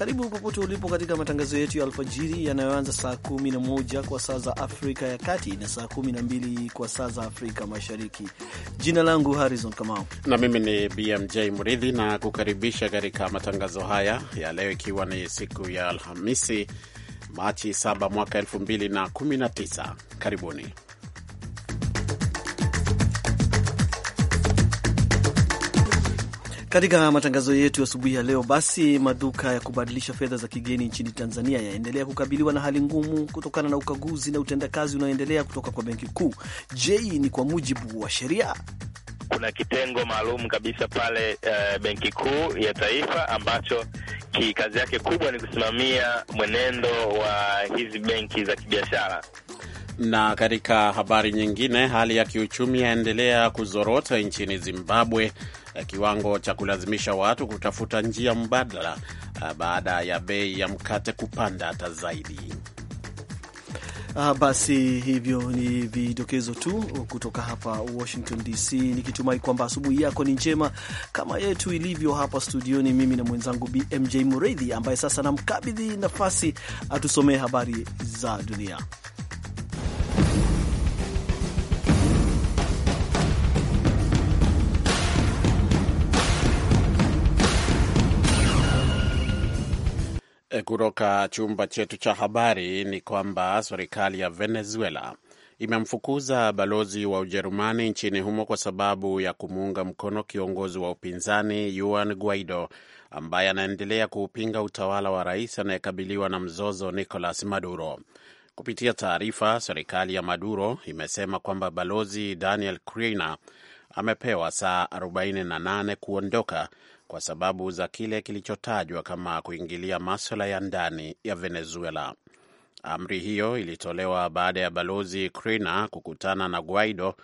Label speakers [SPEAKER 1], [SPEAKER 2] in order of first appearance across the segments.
[SPEAKER 1] Karibu popote ulipo katika matangazo yetu ya alfajiri yanayoanza saa 11 kwa saa za Afrika ya Kati na saa 12 kwa saa za Afrika Mashariki. Jina langu Harrison Kamau
[SPEAKER 2] na mimi ni BMJ Mridhi na kukaribisha katika matangazo haya ya leo, ikiwa ni siku ya Alhamisi Machi 7 mwaka 2019. Karibuni.
[SPEAKER 1] Katika matangazo yetu asubuhi ya leo, basi maduka ya kubadilisha fedha za kigeni nchini Tanzania yaendelea kukabiliwa na hali ngumu kutokana na ukaguzi na utendakazi unaoendelea kutoka kwa Benki Kuu. Je, ni kwa mujibu wa sheria?
[SPEAKER 3] Kuna kitengo maalum kabisa pale uh, Benki Kuu ya Taifa ambacho kazi yake kubwa ni kusimamia mwenendo wa hizi benki za kibiashara.
[SPEAKER 2] Na katika habari nyingine, hali ya kiuchumi yaendelea kuzorota nchini Zimbabwe Eh, kiwango cha kulazimisha watu kutafuta njia mbadala eh, baada ya bei ya mkate kupanda hata zaidi. Ah,
[SPEAKER 1] basi hivyo ni vidokezo tu kutoka hapa Washington DC, nikitumai kwamba asubuhi yako ni njema kama yetu ilivyo hapa studioni, mimi na mwenzangu BMJ Mureithi ambaye sasa namkabidhi nafasi atusomee habari za dunia.
[SPEAKER 2] E, kutoka chumba chetu cha habari ni kwamba serikali ya Venezuela imemfukuza balozi wa Ujerumani nchini humo kwa sababu ya kumuunga mkono kiongozi wa upinzani Juan Guaido ambaye anaendelea kuupinga utawala wa rais anayekabiliwa na mzozo Nicolas Maduro. Kupitia taarifa, serikali ya Maduro imesema kwamba balozi Daniel Criner amepewa saa 48 kuondoka kwa sababu za kile kilichotajwa kama kuingilia maswala ya ndani ya Venezuela. Amri hiyo ilitolewa baada ya balozi Crina kukutana na Guaido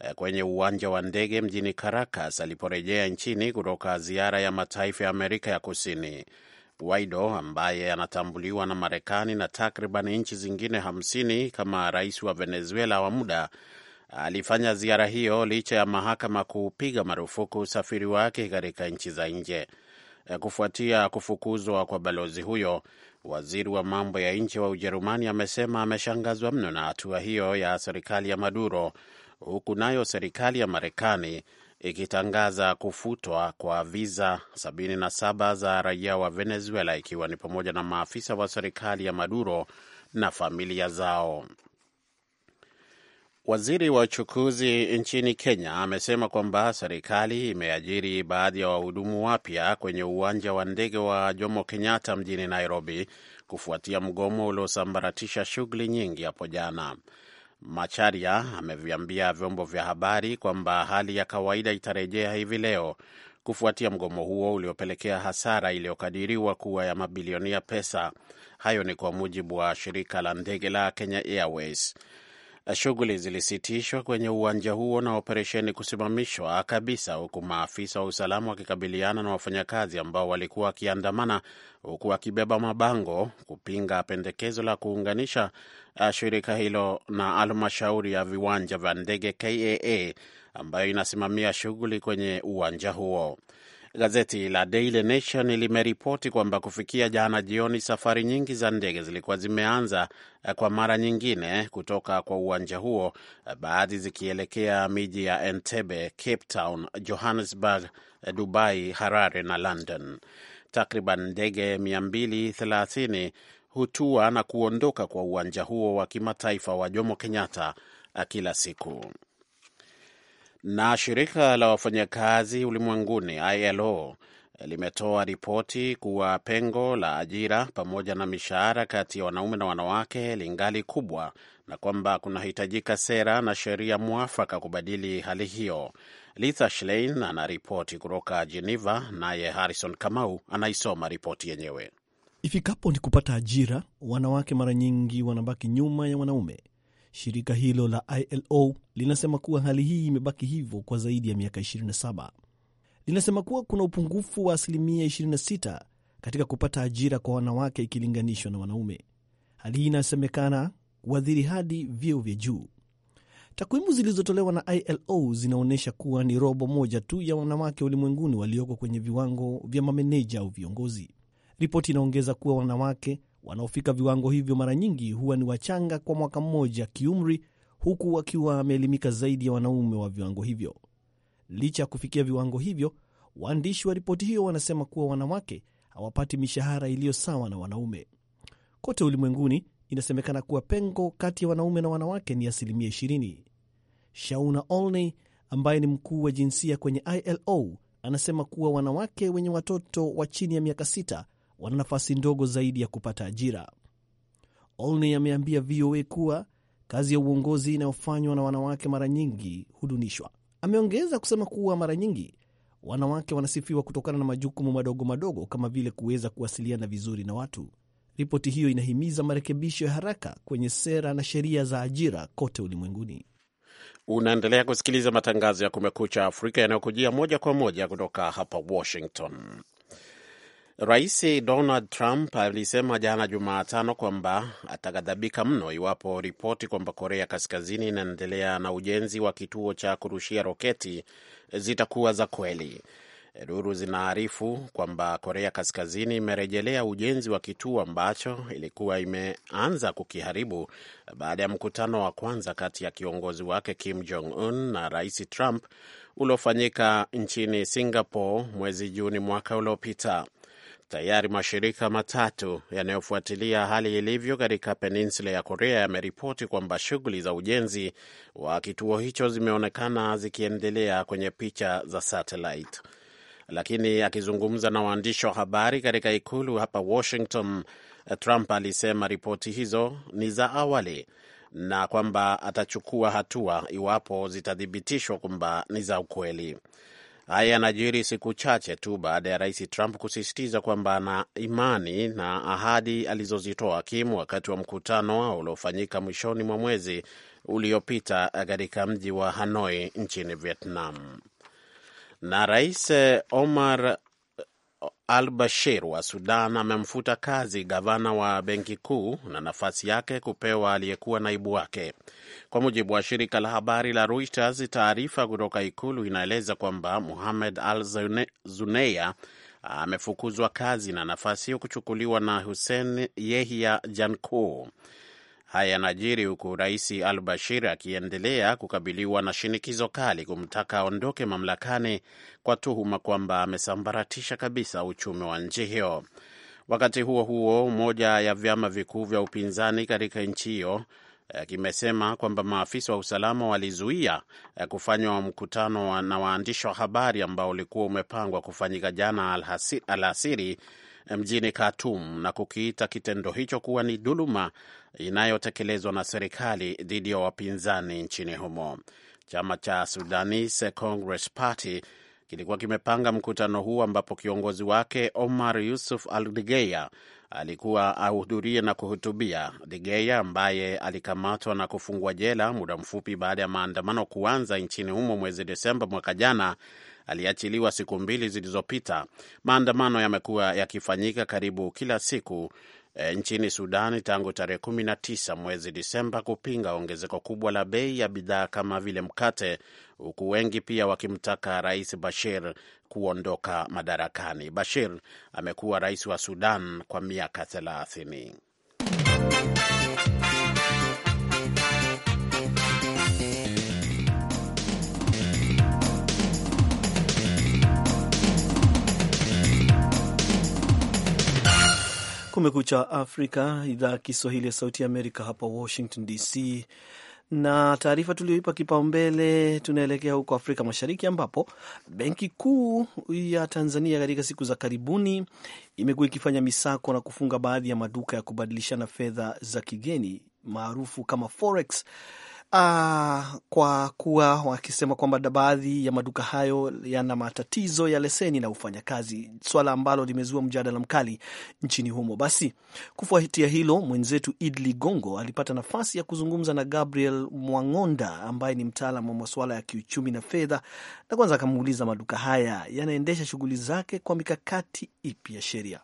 [SPEAKER 2] eh, kwenye uwanja wa ndege mjini Caracas aliporejea nchini kutoka ziara ya mataifa ya Amerika ya Kusini. Guaido ambaye anatambuliwa na Marekani na takriban nchi zingine hamsini kama rais wa Venezuela wa muda alifanya ziara hiyo licha ya mahakama kupiga marufuku usafiri wake katika nchi za nje. E, kufuatia kufukuzwa kwa balozi huyo, waziri wa mambo ya nje wa Ujerumani amesema ameshangazwa mno na hatua hiyo ya serikali ya Maduro, huku nayo serikali ya Marekani ikitangaza kufutwa kwa viza 77 za raia wa Venezuela, ikiwa ni pamoja na maafisa wa serikali ya Maduro na familia zao. Waziri wa uchukuzi nchini Kenya amesema kwamba serikali imeajiri baadhi ya wahudumu wapya kwenye uwanja wa ndege wa Jomo Kenyatta mjini Nairobi kufuatia mgomo uliosambaratisha shughuli nyingi hapo jana. Macharia ameviambia vyombo vya habari kwamba hali ya kawaida itarejea hivi leo kufuatia mgomo huo uliopelekea hasara iliyokadiriwa kuwa ya mabilioni ya pesa. Hayo ni kwa mujibu wa shirika la ndege la Kenya Airways. Eh, shughuli zilisitishwa kwenye uwanja huo na operesheni kusimamishwa kabisa, huku maafisa wa usalama wakikabiliana na wafanyakazi ambao walikuwa wakiandamana, huku wakibeba mabango kupinga pendekezo la kuunganisha eh, shirika hilo na halmashauri ya viwanja vya ndege KAA ambayo inasimamia shughuli kwenye uwanja huo. Gazeti la Daily Nation limeripoti kwamba kufikia jana jioni, safari nyingi za ndege zilikuwa zimeanza eh, kwa mara nyingine kutoka kwa uwanja huo, eh, baadhi zikielekea miji ya Entebbe, Cape Town, Johannesburg, eh, Dubai, Harare na London. Takriban ndege 230 hutua na kuondoka kwa uwanja huo wa kimataifa wa Jomo Kenyatta kila siku. Na shirika la wafanyakazi ulimwenguni ILO limetoa ripoti kuwa pengo la ajira pamoja na mishahara kati ya wanaume na wanawake lingali kubwa na kwamba kunahitajika sera na sheria mwafaka kubadili hali hiyo. Lisa Schlein anaripoti kutoka Geneva, naye Harrison Kamau anaisoma ripoti yenyewe.
[SPEAKER 1] Ifikapo ni kupata ajira, wanawake mara nyingi wanabaki nyuma ya wanaume Shirika hilo la ILO linasema kuwa hali hii imebaki hivyo kwa zaidi ya miaka 27. Linasema kuwa kuna upungufu wa asilimia 26 katika kupata ajira kwa wanawake ikilinganishwa na wanaume. Hali hii inasemekana kuathiri hadi vyeo vya juu. Takwimu zilizotolewa na ILO zinaonyesha kuwa ni robo moja tu ya wanawake ulimwenguni walioko kwenye viwango vya mameneja au viongozi. Ripoti inaongeza kuwa wanawake Wanaofika viwango hivyo mara nyingi huwa ni wachanga kwa mwaka mmoja kiumri, huku wakiwa wameelimika zaidi ya wanaume wa viwango hivyo. Licha ya kufikia viwango hivyo, waandishi wa ripoti hiyo wanasema kuwa wanawake hawapati mishahara iliyo sawa na wanaume. Kote ulimwenguni inasemekana kuwa pengo kati ya wanaume na wanawake ni asilimia 20. Shauna Olney ambaye ni mkuu wa jinsia kwenye ILO anasema kuwa wanawake wenye watoto wa chini ya miaka sita wana nafasi ndogo zaidi ya kupata ajira. Olney ameambia VOA kuwa kazi ya uongozi inayofanywa na wanawake mara nyingi hudunishwa. Ameongeza kusema kuwa mara nyingi wanawake wanasifiwa kutokana na majukumu madogo madogo kama vile kuweza kuwasiliana vizuri na watu. Ripoti hiyo inahimiza marekebisho ya haraka kwenye sera na sheria za ajira kote ulimwenguni.
[SPEAKER 2] Unaendelea kusikiliza matangazo ya Kumekucha Afrika yanayokujia moja kwa moja kutoka hapa Washington. Rais Donald Trump alisema jana Jumatano kwamba ataghadhabika mno iwapo ripoti kwamba Korea Kaskazini inaendelea na ujenzi wa kituo cha kurushia roketi zitakuwa za kweli. Duru zinaarifu kwamba Korea Kaskazini imerejelea ujenzi wa kituo ambacho ilikuwa imeanza kukiharibu baada ya mkutano wa kwanza kati ya kiongozi wake Kim Jong Un na Rais Trump uliofanyika nchini Singapore mwezi Juni mwaka uliopita. Tayari mashirika matatu yanayofuatilia hali ilivyo katika peninsula ya Korea yameripoti kwamba shughuli za ujenzi wa kituo hicho zimeonekana zikiendelea kwenye picha za satellite. Lakini akizungumza na waandishi wa habari katika ikulu hapa Washington, Trump alisema ripoti hizo ni za awali na kwamba atachukua hatua iwapo zitathibitishwa kwamba ni za ukweli. Haya yanajiri siku chache tu baada ya rais Trump kusisitiza kwamba ana imani na ahadi alizozitoa Kim wakati wa mkutano wao uliofanyika mwishoni mwa mwezi uliopita katika mji wa Hanoi nchini Vietnam. Na rais Omar Al Bashir wa Sudan amemfuta kazi gavana wa benki kuu na nafasi yake kupewa aliyekuwa naibu wake. Kwa mujibu wa shirika la habari la Reuters, taarifa kutoka ikulu inaeleza kwamba Muhamed Al Zuneya amefukuzwa kazi na nafasi hiyo kuchukuliwa na Hussein Yehya Jankoo. Haya yanajiri huku rais Al Bashir akiendelea kukabiliwa na shinikizo kali kumtaka aondoke mamlakani kwa tuhuma kwamba amesambaratisha kabisa uchumi wa nchi hiyo. Wakati huo huo, moja ya vyama vikuu vya upinzani katika nchi hiyo eh, kimesema kwamba maafisa wa usalama walizuia eh, kufanywa mkutano na waandishi wa habari ambao ulikuwa umepangwa kufanyika jana alasiri mjini Khartoum na kukiita kitendo hicho kuwa ni dhuluma inayotekelezwa na serikali dhidi ya wapinzani nchini humo. Chama cha Sudanese Congress Party kilikuwa kimepanga mkutano huu ambapo kiongozi wake Omar Yusuf Al Digeya alikuwa ahudhurie na kuhutubia. Digeya ambaye alikamatwa na kufungwa jela muda mfupi baada ya maandamano kuanza nchini humo mwezi Desemba mwaka jana, aliachiliwa siku mbili zilizopita. Maandamano yamekuwa yakifanyika karibu kila siku e, nchini Sudani tangu tarehe tisa mwezi Disemba kupinga ongezeko kubwa la bei ya bidhaa kama vile mkate, huku wengi pia wakimtaka Rais Bashir kuondoka madarakani. Bashir amekuwa rais wa Sudan kwa miaka thelathini
[SPEAKER 1] Kumekucha Afrika, idhaa ya Kiswahili ya Sauti ya Amerika hapa Washington DC, na taarifa tuliyoipa kipaumbele, tunaelekea huko Afrika Mashariki ambapo Benki Kuu ya Tanzania katika siku za karibuni imekuwa ikifanya misako na kufunga baadhi ya maduka ya kubadilishana fedha za kigeni maarufu kama forex Uh, kwa kuwa wakisema kwamba baadhi ya maduka hayo yana matatizo ya leseni na ufanyakazi, swala ambalo limezua mjadala mkali nchini humo. Basi kufuatia hilo, mwenzetu idli gongo alipata nafasi ya kuzungumza na Gabriel Mwang'onda ambaye ni mtaalam wa masuala ya kiuchumi na fedha, na kwanza akamuuliza maduka haya yanaendesha shughuli zake kwa mikakati ipi ya sheria.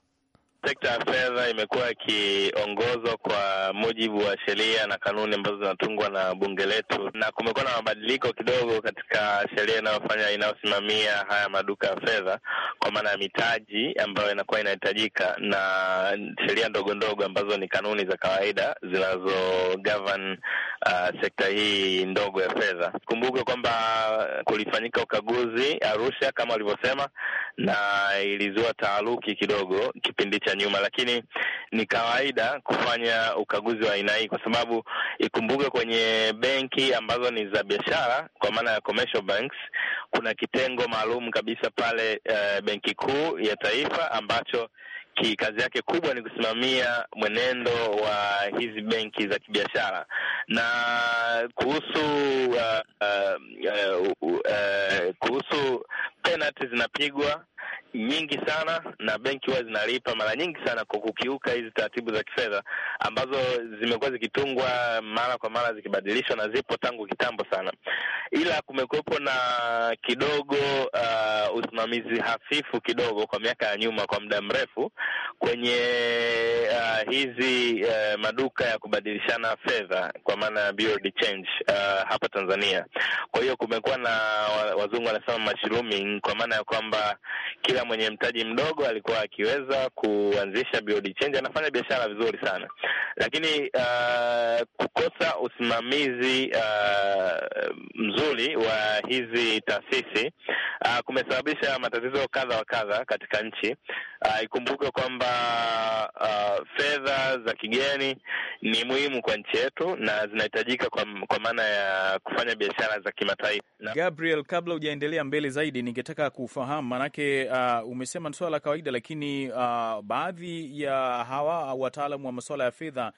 [SPEAKER 3] Sekta ya fedha imekuwa ikiongozwa kwa mujibu wa sheria na kanuni ambazo zinatungwa na bunge letu, na kumekuwa na mabadiliko kidogo katika sheria inayofanya inayosimamia haya maduka ya fedha, kwa maana ya mitaji ambayo inakuwa inahitajika na sheria ndogo ndogo ambazo ni kanuni za kawaida zinazo govern uh, sekta hii ndogo ya fedha. Kumbuke kwamba kulifanyika ukaguzi Arusha kama walivyosema, na ilizua taharuki kidogo kipindi cha cha nyuma, lakini ni kawaida kufanya ukaguzi wa aina hii, kwa sababu ikumbuke, kwenye benki ambazo ni za biashara, kwa maana ya commercial banks, kuna kitengo maalum kabisa pale uh, Benki Kuu ya Taifa ambacho kazi yake kubwa ni kusimamia mwenendo wa hizi benki za kibiashara. Na kuhusu uh, uh, uh, uh, uh, kuhusu penalty zinapigwa nyingi sana na benki huwa zinalipa mara nyingi sana kwa kukiuka hizi taratibu za kifedha ambazo zimekuwa zikitungwa mara kwa mara zikibadilishwa na zipo tangu kitambo sana, ila kumekuwepo na kidogo uh, usimamizi hafifu kidogo kwa miaka ya nyuma, kwa muda mrefu kwenye hizi uh, maduka ya kubadilishana fedha kwa maana ya BOD change uh, hapa Tanzania. Kwa hiyo kumekuwa na wazungu wanasema mashrooming, kwa maana ya kwamba kila mwenye mtaji mdogo alikuwa akiweza kuanzisha BOD change, anafanya biashara vizuri sana, lakini uh, kukosa usimamizi uh, mzuri wa hizi taasisi uh, kumesababisha matatizo kadha wa kadha katika nchi uh, ikumbuke kwamba uh, fedha fedha za kigeni ni muhimu kwa nchi yetu na zinahitajika kwa, kwa maana ya kufanya biashara za kimataifa.
[SPEAKER 1] Gabriel, kabla hujaendelea mbele zaidi,
[SPEAKER 2] ningetaka kufahamu maanake, uh, umesema ni swala la kawaida, lakini uh, baadhi ya hawa uh, wataalamu wa masuala ya fedha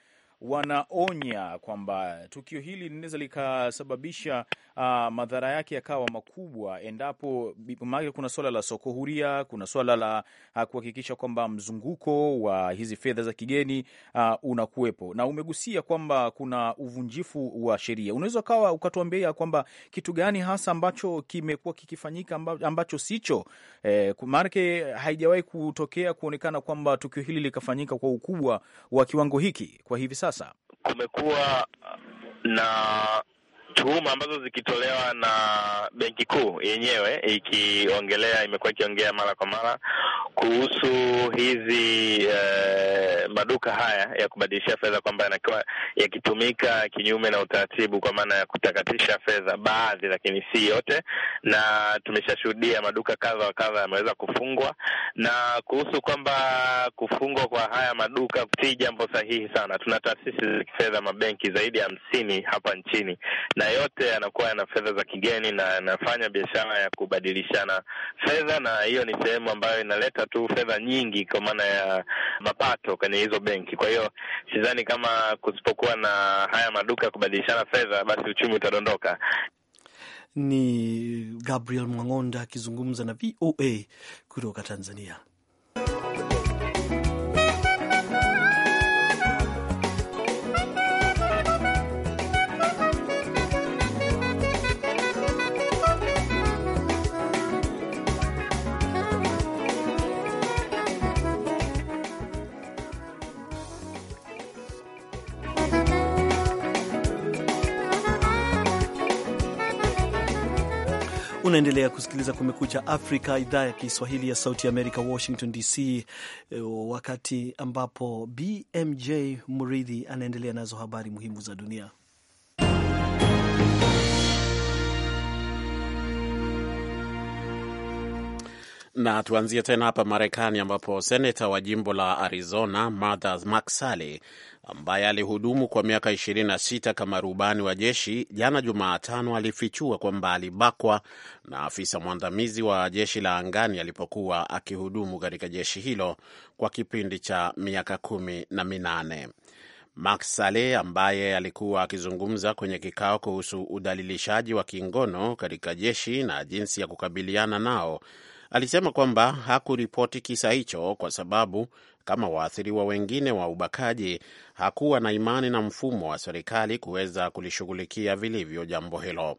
[SPEAKER 2] wanaonya kwamba tukio hili linaweza likasababisha uh, madhara yake yakawa makubwa, endapo maake, kuna swala la soko huria, kuna swala la uh, kuhakikisha kwamba mzunguko wa hizi fedha za kigeni uh, unakuwepo, na umegusia kwamba kuna uvunjifu wa sheria. Unaweza ukawa ukatuambia kwamba kitu gani hasa ambacho kimekuwa kikifanyika
[SPEAKER 1] ambacho sicho eh, maanake haijawahi kutokea kuonekana kwamba tukio hili likafanyika kwa ukubwa wa kiwango hiki kwa hivi sasa sasa?
[SPEAKER 3] Kumekuwa na tuhuma ambazo zikitolewa na benki kuu yenyewe ikiongelea, imekuwa ikiongea mara kwa mara kuhusu hizi eh, maduka haya ya kubadilishia fedha kwamba yanakiwa yakitumika kinyume na utaratibu, kwa maana ya kutakatisha fedha baadhi, lakini si yote, na tumeshashuhudia maduka kadha wa kadha yameweza kufungwa, na kuhusu kwamba kufungwa kwa haya maduka si jambo sahihi sana. Tuna taasisi za kifedha, mabenki zaidi ya hamsini hapa nchini na na yote yanakuwa yana fedha za kigeni na yanafanya biashara ya kubadilishana fedha, na hiyo ni sehemu ambayo inaleta tu fedha nyingi kwa maana ya mapato kwenye hizo benki. Kwa hiyo sidhani kama kusipokuwa na haya maduka ya kubadilishana fedha, basi uchumi utadondoka.
[SPEAKER 1] Ni Gabriel Mwang'onda akizungumza na VOA kutoka Tanzania. Unaendelea kusikiliza Kumekucha Afrika, idhaa ya Kiswahili ya Sauti ya Amerika, Washington DC, e, wakati ambapo BMJ Muridhi anaendelea nazo habari muhimu za dunia.
[SPEAKER 2] Na tuanzie tena hapa Marekani, ambapo seneta wa jimbo la Arizona Martha McSally ambaye alihudumu kwa miaka 26 kama rubani wa jeshi, jana Jumatano alifichua kwamba alibakwa na afisa mwandamizi wa jeshi la angani alipokuwa akihudumu katika jeshi hilo kwa kipindi cha miaka kumi na minane. McSally ambaye alikuwa akizungumza kwenye kikao kuhusu udhalilishaji wa kingono katika jeshi na jinsi ya kukabiliana nao alisema kwamba hakuripoti kisa hicho kwa sababu kama waathiriwa wengine wa ubakaji hakuwa na imani na mfumo wa serikali kuweza kulishughulikia vilivyo jambo hilo.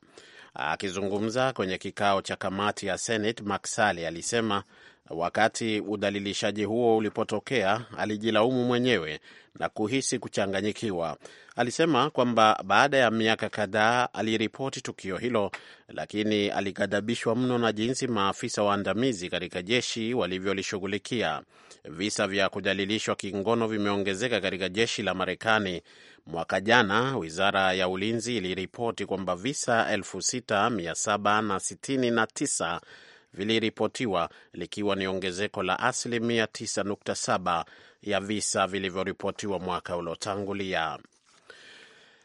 [SPEAKER 2] Akizungumza kwenye kikao cha kamati ya Senate, Maksali alisema Wakati udhalilishaji huo ulipotokea, alijilaumu mwenyewe na kuhisi kuchanganyikiwa. Alisema kwamba baada ya miaka kadhaa aliripoti tukio hilo, lakini alighadhabishwa mno na jinsi maafisa waandamizi katika jeshi walivyolishughulikia. Visa vya kudhalilishwa kingono vimeongezeka katika jeshi la Marekani. Mwaka jana wizara ya ulinzi iliripoti kwamba visa 6769 viliripotiwa likiwa ni ongezeko la asilimia 9.7 ya visa vilivyoripotiwa mwaka uliotangulia.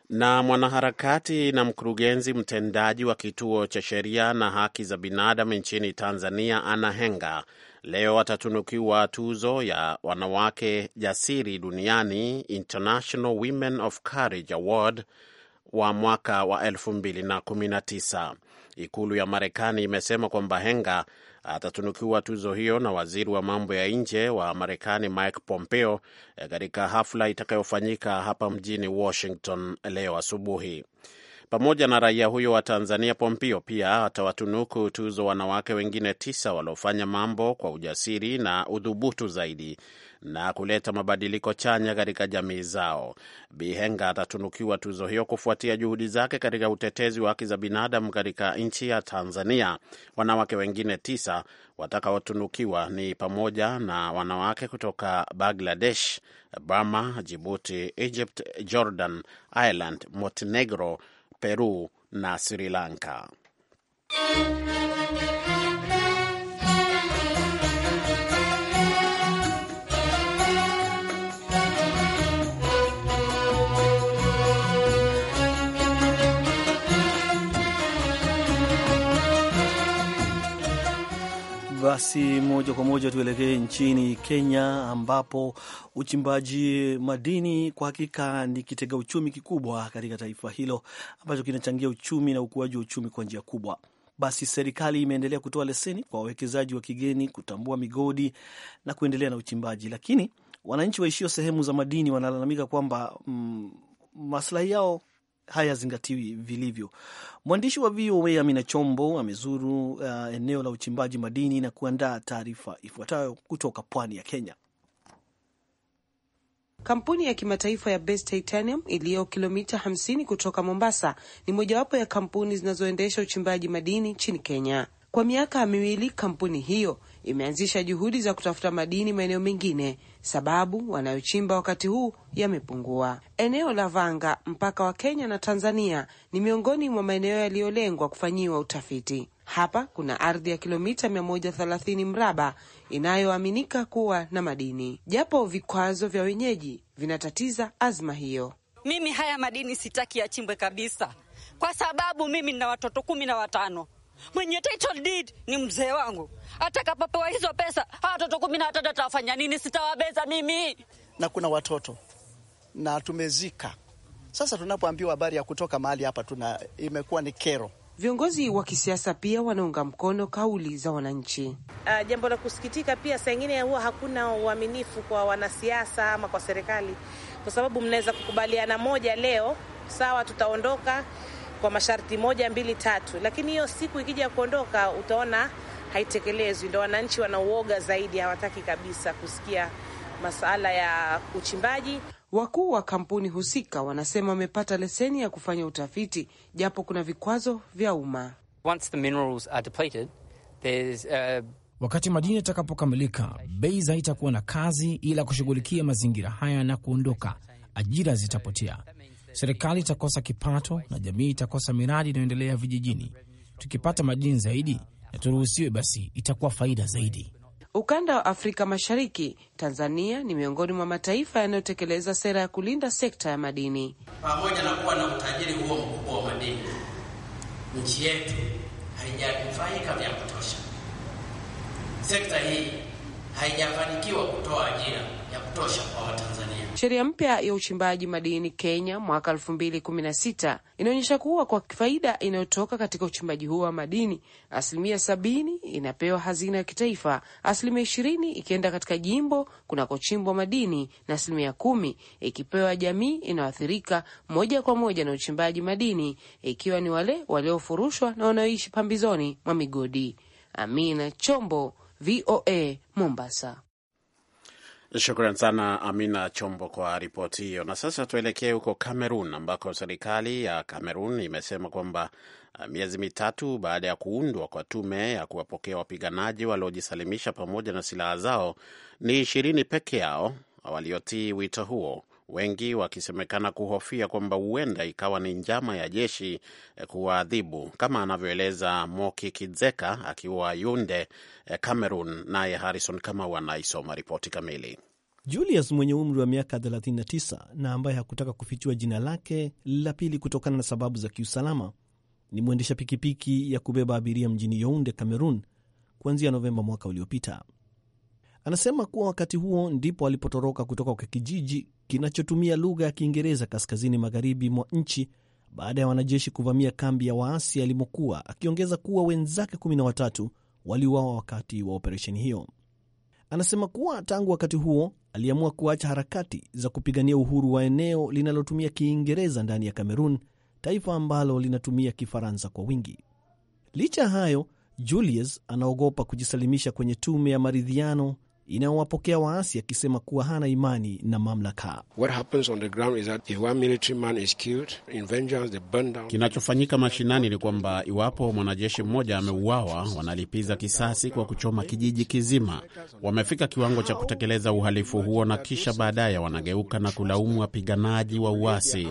[SPEAKER 2] Na mwanaharakati na mkurugenzi mtendaji wa kituo cha sheria na haki za binadamu nchini Tanzania, Anna Henga, leo atatunukiwa tuzo ya wanawake jasiri duniani, International Women of Courage Award wa mwaka wa 2019. Ikulu ya Marekani imesema kwamba Henga atatunukiwa tuzo hiyo na waziri wa mambo ya nje wa Marekani Mike Pompeo eh, katika hafla itakayofanyika hapa mjini Washington leo asubuhi. Pamoja na raia huyo wa Tanzania, Pompeo pia atawatunuku tuzo wanawake wengine tisa waliofanya mambo kwa ujasiri na udhubutu zaidi na kuleta mabadiliko chanya katika jamii zao. Bihenga atatunukiwa tuzo hiyo kufuatia juhudi zake katika utetezi wa haki za binadamu katika nchi ya Tanzania. Wanawake wengine tisa watakaotunukiwa ni pamoja na wanawake kutoka Bangladesh, Burma, Jibuti, Egypt, Jordan, Ireland, Montenegro Peru na Sri Lanka.
[SPEAKER 1] Basi moja kwa moja tuelekee nchini Kenya, ambapo uchimbaji madini kwa hakika ni kitega uchumi kikubwa katika taifa hilo ambacho kinachangia uchumi na ukuaji wa uchumi kwa njia kubwa. Basi serikali imeendelea kutoa leseni kwa wawekezaji wa kigeni kutambua migodi na kuendelea na uchimbaji, lakini wananchi waishio sehemu za madini wanalalamika kwamba mm, maslahi yao hayazingatiwi vilivyo. Mwandishi wa VOA Amina Chombo amezuru uh, eneo la uchimbaji madini na kuandaa taarifa ifuatayo kutoka pwani ya Kenya. Kampuni ya
[SPEAKER 4] kimataifa ya Base Titanium iliyo kilomita 50 kutoka Mombasa ni mojawapo ya kampuni zinazoendesha uchimbaji madini nchini Kenya. Kwa miaka miwili kampuni hiyo imeanzisha juhudi za kutafuta madini maeneo mengine sababu wanayochimba wakati huu yamepungua. Eneo la Vanga, mpaka wa Kenya na Tanzania, ni miongoni mwa maeneo yaliyolengwa kufanyiwa utafiti. Hapa kuna ardhi ya kilomita 130 mraba inayoaminika kuwa na madini, japo vikwazo vya wenyeji vinatatiza azma hiyo.
[SPEAKER 2] Mimi haya madini sitaki yachimbwe kabisa, kwa sababu mimi nina watoto kumi na watano. Mwenye title deed ni mzee
[SPEAKER 5] wangu. Atakapopewa hizo pesa, hawa watoto kumi na watatu atawafanya nini? Sitawabeza mimi,
[SPEAKER 1] na kuna watoto na tumezika. Sasa tunapoambiwa habari ya kutoka mahali hapa, tuna imekuwa ni kero.
[SPEAKER 4] Viongozi wa kisiasa pia wanaunga mkono kauli za wananchi. Uh, jambo la kusikitika pia, saa ingine huwa hakuna uaminifu kwa wanasiasa ama kwa serikali, kwa sababu mnaweza kukubaliana moja leo, sawa, tutaondoka kwa masharti moja mbili tatu, lakini hiyo siku ikija kuondoka utaona haitekelezwi. Ndo wananchi wanauoga zaidi, hawataki kabisa kusikia masuala ya uchimbaji. Wakuu wa kampuni husika wanasema wamepata leseni ya kufanya utafiti japo kuna vikwazo vya umma. Uh,
[SPEAKER 1] Wakati madini yatakapokamilika, bei haitakuwa na kazi ila kushughulikia mazingira haya na kuondoka, ajira zitapotea serikali itakosa kipato na jamii itakosa miradi inayoendelea vijijini. Tukipata madini zaidi na turuhusiwe, basi
[SPEAKER 4] itakuwa faida zaidi. Ukanda wa Afrika Mashariki, Tanzania ni miongoni mwa mataifa yanayotekeleza sera ya kulinda sekta ya madini.
[SPEAKER 2] Pamoja na kuwa na utajiri huo mkubwa wa madini, nchi yetu haijanufaika vya kutosha. Sekta hii haijafanikiwa kutoa ajira ya kutosha kwa
[SPEAKER 4] Watanzania. Sheria mpya ya uchimbaji madini Kenya mwaka elfu mbili kumi na sita inaonyesha kuwa kwa faida inayotoka katika uchimbaji huo wa madini, asilimia sabini inapewa hazina ya kitaifa, asilimia ishirini ikienda katika jimbo kunakochimbwa madini na asilimia kumi ikipewa jamii inayoathirika moja kwa moja na uchimbaji madini, ikiwa ni wale waliofurushwa na wanaoishi pambizoni mwa migodi. Amina Chombo, VOA Mombasa.
[SPEAKER 2] Shukran sana Amina Chombo kwa ripoti hiyo. Na sasa tuelekee huko Kamerun, ambako serikali ya Kamerun imesema kwamba uh, miezi mitatu baada ya kuundwa kwa tume ya kuwapokea wapiganaji waliojisalimisha pamoja na silaha zao, ni ishirini peke yao waliotii wito huo wengi wakisemekana kuhofia kwamba huenda ikawa ni njama ya jeshi eh, kuwaadhibu, kama anavyoeleza Moki Kidzeka akiwa Yunde, eh, Cameroon. Naye Harrison Kamau anaisoma ripoti kamili.
[SPEAKER 1] Julius mwenye umri wa miaka 39 na ambaye hakutaka kufichua jina lake la pili kutokana na sababu za kiusalama ni mwendesha pikipiki ya kubeba abiria mjini younde Cameroon kuanzia Novemba mwaka uliopita. Anasema kuwa wakati huo ndipo alipotoroka kutoka kwa kijiji kinachotumia lugha ya Kiingereza kaskazini magharibi mwa nchi baada ya wanajeshi kuvamia kambi ya waasi alimokuwa, akiongeza kuwa wenzake kumi na watatu waliuawa wakati wa operesheni hiyo. Anasema kuwa tangu wakati huo aliamua kuacha harakati za kupigania uhuru wa eneo linalotumia Kiingereza ndani ya Kamerun, taifa ambalo linatumia Kifaransa kwa wingi. Licha ya hayo, Julius anaogopa kujisalimisha kwenye tume ya maridhiano inayowapokea waasi akisema kuwa hana imani
[SPEAKER 2] na mamlaka. Kinachofanyika mashinani ni kwamba iwapo mwanajeshi mmoja ameuawa, wanalipiza kisasi kwa kuchoma kijiji kizima. Wamefika kiwango cha kutekeleza uhalifu huo, na kisha baadaye wanageuka na kulaumu wapiganaji wa uasi.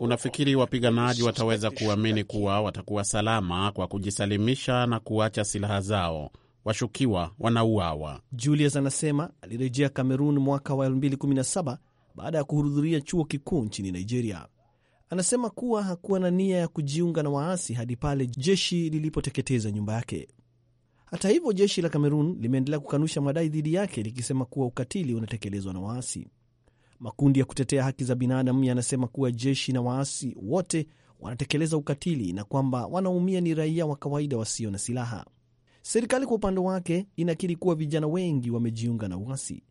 [SPEAKER 2] Unafikiri wapiganaji wataweza kuamini kuwa watakuwa salama kwa kujisalimisha na kuacha silaha zao? washukiwa wanauawa.
[SPEAKER 1] Julius anasema alirejea Kamerun mwaka wa 2017 baada ya kuhudhuria chuo kikuu nchini Nigeria. Anasema kuwa hakuwa na nia ya kujiunga na waasi hadi pale jeshi lilipoteketeza nyumba yake. Hata hivyo, jeshi la Kamerun limeendelea kukanusha madai dhidi yake likisema kuwa ukatili unatekelezwa na waasi. Makundi ya kutetea haki za binadamu yanasema kuwa jeshi na waasi wote wanatekeleza ukatili na kwamba wanaumia ni raia wa kawaida wasio na silaha. Serikali kwa upande wake inakiri kuwa vijana wengi wamejiunga na uasi.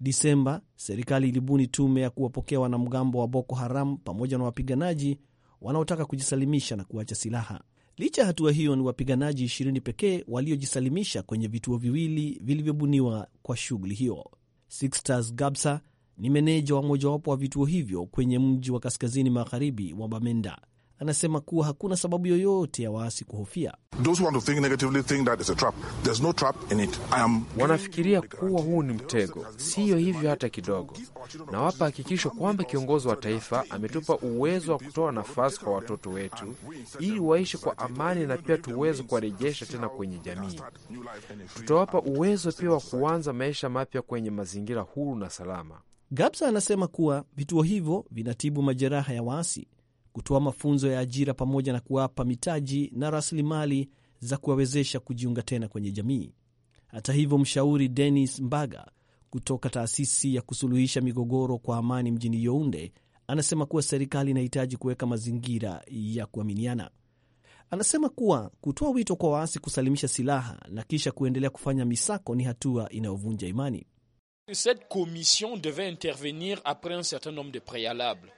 [SPEAKER 1] Disemba, serikali ilibuni tume ya kuwapokea wanamgambo wa Boko Haram pamoja na wapiganaji wanaotaka kujisalimisha na kuacha silaha. Licha ya hatua hiyo, ni wapiganaji ishirini pekee waliojisalimisha kwenye vituo viwili vilivyobuniwa kwa shughuli hiyo. Sixtus Gabsa ni meneja wa mojawapo wa vituo hivyo kwenye mji wa kaskazini magharibi wa Bamenda anasema kuwa hakuna sababu yoyote ya waasi kuhofia.
[SPEAKER 2] Wanafikiria kuwa huu ni mtego, siyo hivyo hata kidogo. Nawapa hakikisho kwamba kiongozi wa taifa ametupa uwezo wa kutoa nafasi kwa watoto wetu ili waishi kwa amani na pia tuweze kuwarejesha tena kwenye jamii. Tutawapa uwezo pia wa kuanza maisha mapya kwenye mazingira huru na salama. Gabsa
[SPEAKER 1] anasema kuwa vituo hivyo vinatibu majeraha ya waasi kutoa mafunzo ya ajira pamoja na kuwapa mitaji na rasilimali za kuwawezesha kujiunga tena kwenye jamii. Hata hivyo, mshauri denis Mbaga kutoka taasisi ya kusuluhisha migogoro kwa amani mjini younde anasema kuwa serikali inahitaji kuweka mazingira ya kuaminiana. Anasema kuwa kutoa wito kwa waasi kusalimisha silaha na kisha kuendelea kufanya misako ni hatua inayovunja imani.
[SPEAKER 3] Cette commission devait intervenir après un certain nombre de préalables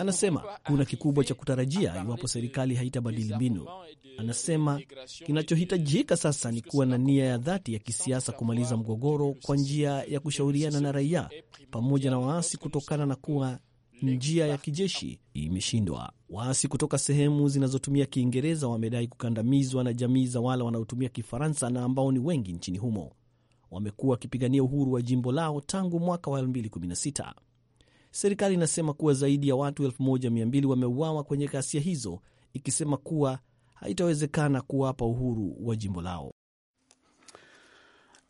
[SPEAKER 1] Anasema kuna kikubwa cha kutarajia iwapo serikali haitabadili mbinu. Anasema kinachohitajika sasa ni kuwa na nia ya dhati ya kisiasa kumaliza mgogoro kwa njia ya kushauriana na raia pamoja na waasi, kutokana na kuwa njia ya kijeshi imeshindwa. Waasi kutoka sehemu zinazotumia Kiingereza wamedai kukandamizwa na jamii za wale wanaotumia Kifaransa na ambao ni wengi nchini humo. Wamekuwa wakipigania uhuru wa jimbo lao tangu mwaka wa 2016. Serikali inasema kuwa zaidi ya watu 1200 wameuawa kwenye ghasia hizo, ikisema kuwa haitawezekana kuwapa uhuru wa jimbo lao.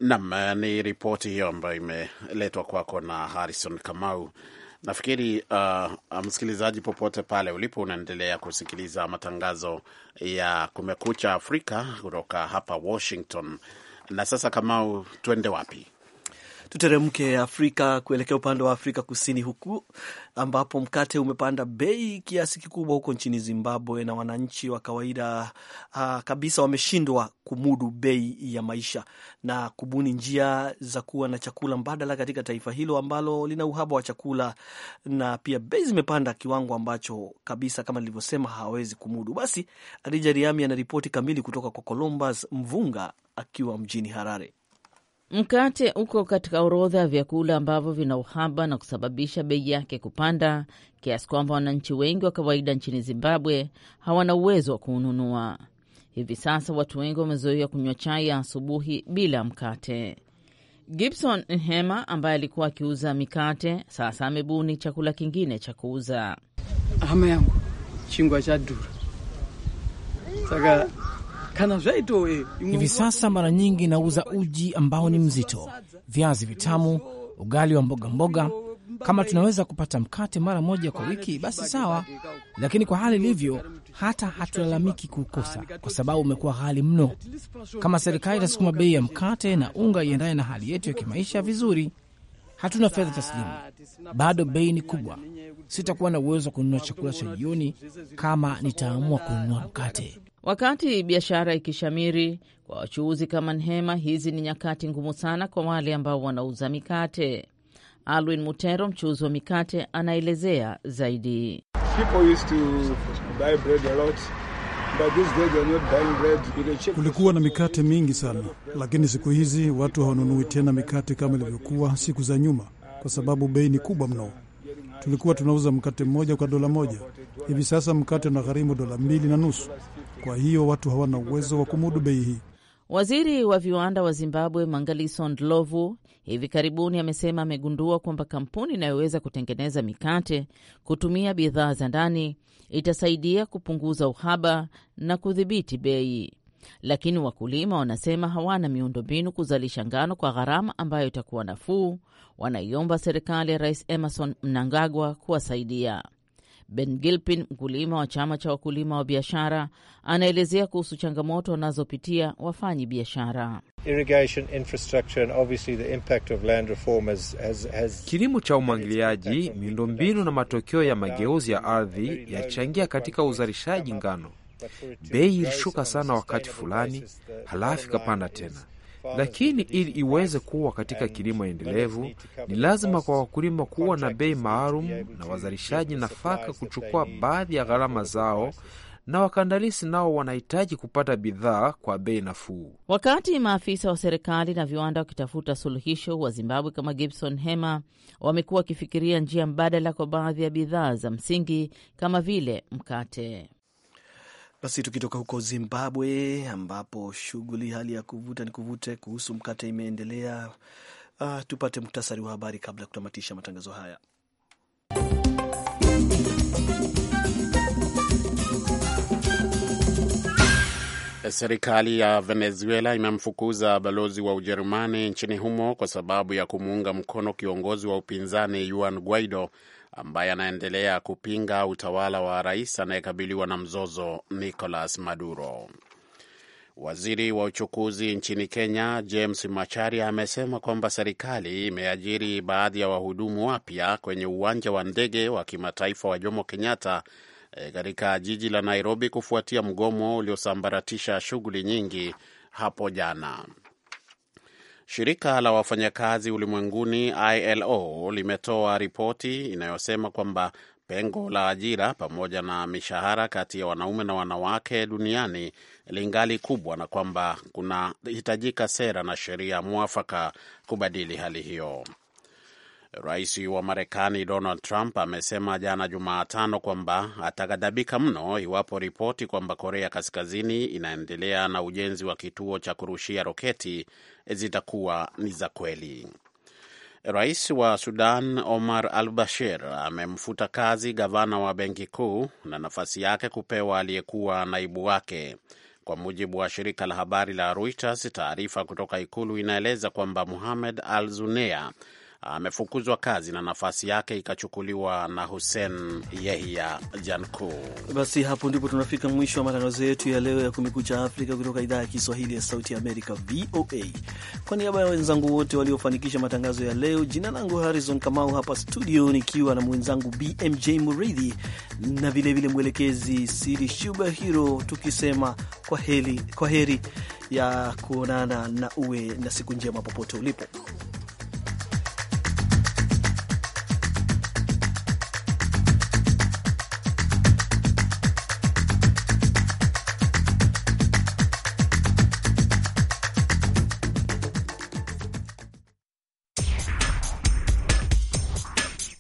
[SPEAKER 2] Nam ni ripoti hiyo ambayo imeletwa kwako na Harrison Kamau. Nafikiri uh, msikilizaji, popote pale ulipo, unaendelea kusikiliza matangazo ya Kumekucha Afrika kutoka hapa Washington. Na sasa, Kamau, tuende wapi?
[SPEAKER 1] Tuteremke Afrika kuelekea upande wa Afrika Kusini, huku ambapo mkate umepanda bei kiasi kikubwa huko nchini Zimbabwe, na wananchi wa kawaida uh, kabisa wameshindwa kumudu bei ya maisha na kubuni njia za kuwa na chakula mbadala katika taifa hilo ambalo lina uhaba wa chakula, na pia bei zimepanda kiwango ambacho kabisa, kama nilivyosema, hawawezi kumudu. Basi Adija Riami anaripoti kamili kutoka kwa Columbus Mvunga akiwa mjini Harare.
[SPEAKER 5] Mkate uko katika orodha ya vyakula ambavyo vina uhaba na kusababisha bei yake kupanda kiasi kwamba wananchi wengi wa kawaida nchini Zimbabwe hawana uwezo wa kuununua. Hivi sasa watu wengi wamezoea kunywa chai ya asubuhi bila mkate. Gibson Nhema ambaye alikuwa akiuza mikate sasa amebuni chakula kingine cha kuuza. Ama yangu
[SPEAKER 1] chingwa cha dura saka Eh, Hivi
[SPEAKER 5] sasa mara nyingi
[SPEAKER 1] nauza uji ambao ni mzito, viazi vitamu, ugali wa mboga mboga. Kama tunaweza kupata mkate mara moja kwa wiki basi sawa, lakini kwa hali ilivyo,
[SPEAKER 4] hata hatulalamiki kuukosa, kwa sababu umekuwa ghali mno. Kama serikali itasukuma bei ya
[SPEAKER 1] mkate na unga iendane na hali yetu ya kimaisha vizuri, hatuna fedha taslimu, bado bei ni kubwa. Sitakuwa na uwezo wa kununua chakula cha jioni kama nitaamua kununua mkate.
[SPEAKER 5] Wakati biashara ikishamiri kwa wachuuzi kama Nhema, hizi ni nyakati ngumu sana kwa wale ambao wanauza mikate. Alwin Mutero, mchuuzi wa mikate, anaelezea zaidi.
[SPEAKER 1] People used to buy bread a lot. Kulikuwa
[SPEAKER 5] na mikate mingi sana, lakini
[SPEAKER 1] siku hizi watu hawanunui tena mikate kama ilivyokuwa siku za nyuma, kwa sababu bei ni kubwa mno. Tulikuwa tunauza mkate mmoja kwa dola moja, hivi sasa mkate unagharimu dola mbili na nusu. Kwa hiyo watu hawana uwezo wa kumudu bei hii.
[SPEAKER 5] Waziri wa viwanda wa Zimbabwe Mangaliso Ndlovu hivi karibuni amesema amegundua kwamba kampuni inayoweza kutengeneza mikate kutumia bidhaa za ndani itasaidia kupunguza uhaba na kudhibiti bei, lakini wakulima wanasema hawana miundombinu kuzalisha ngano kwa gharama ambayo itakuwa nafuu. Wanaiomba serikali ya Rais Emerson Mnangagwa kuwasaidia. Ben Gilpin, mkulima wa chama cha wakulima wa biashara, anaelezea kuhusu changamoto wanazopitia wafanyi biashara.
[SPEAKER 2] Kilimo cha umwagiliaji, miundombinu na matokeo ya mageuzi ya ardhi yachangia katika uzalishaji ngano.
[SPEAKER 1] Bei ilishuka
[SPEAKER 2] sana wakati fulani, halafu ikapanda tena. Lakini ili iweze kuwa katika kilimo endelevu, ni lazima kwa wakulima kuwa na bei maalum na wazalishaji nafaka kuchukua baadhi ya gharama zao na wakandalisi nao wanahitaji kupata bidhaa kwa bei nafuu.
[SPEAKER 5] Wakati maafisa wa serikali na viwanda wakitafuta suluhisho, wa Zimbabwe kama Gibson Hema wamekuwa wakifikiria njia mbadala kwa baadhi ya bidhaa za msingi kama vile mkate.
[SPEAKER 1] Basi tukitoka huko Zimbabwe, ambapo shughuli hali ya kuvuta ni kuvute kuhusu mkate imeendelea, uh, tupate muktasari wa habari kabla ya kutamatisha matangazo haya.
[SPEAKER 2] Serikali ya Venezuela imemfukuza balozi wa Ujerumani nchini humo kwa sababu ya kumuunga mkono kiongozi wa upinzani Juan Guaido ambaye anaendelea kupinga utawala wa rais anayekabiliwa na mzozo Nicolas Maduro. Waziri wa uchukuzi nchini Kenya James Macharia amesema kwamba serikali imeajiri baadhi ya wahudumu wapya kwenye uwanja wa ndege wa kimataifa wa Jomo Kenyatta eh, katika jiji la Nairobi kufuatia mgomo uliosambaratisha shughuli nyingi hapo jana. Shirika la wafanyakazi ulimwenguni ILO limetoa ripoti inayosema kwamba pengo la ajira pamoja na mishahara kati ya wanaume na wanawake duniani lingali kubwa na kwamba kunahitajika sera na sheria mwafaka kubadili hali hiyo. Rais wa Marekani Donald Trump amesema jana Jumatano kwamba ataghadhabika mno iwapo ripoti kwamba Korea Kaskazini inaendelea na ujenzi wa kituo cha kurushia roketi zitakuwa ni za kweli. Rais wa Sudan Omar al Bashir amemfuta kazi gavana wa benki kuu na nafasi yake kupewa aliyekuwa naibu wake. Kwa mujibu wa shirika la habari la Reuters, taarifa kutoka ikulu inaeleza kwamba Muhamed al Zunea amefukuzwa kazi na nafasi yake ikachukuliwa na Hussein Yehya Janku.
[SPEAKER 1] Basi hapo ndipo tunafika mwisho wa matangazo yetu ya leo ya Kumekucha Afrika kutoka idhaa ya Kiswahili ya Sauti ya Amerika, VOA. Kwa niaba ya wenzangu wote waliofanikisha matangazo ya leo, jina langu Harrison Kamau, hapa studio nikiwa na mwenzangu BMJ Muridhi na vilevile mwelekezi Siri Shuba Hiro, tukisema kwa heri, kwa heri ya kuonana na uwe na siku njema popote ulipo.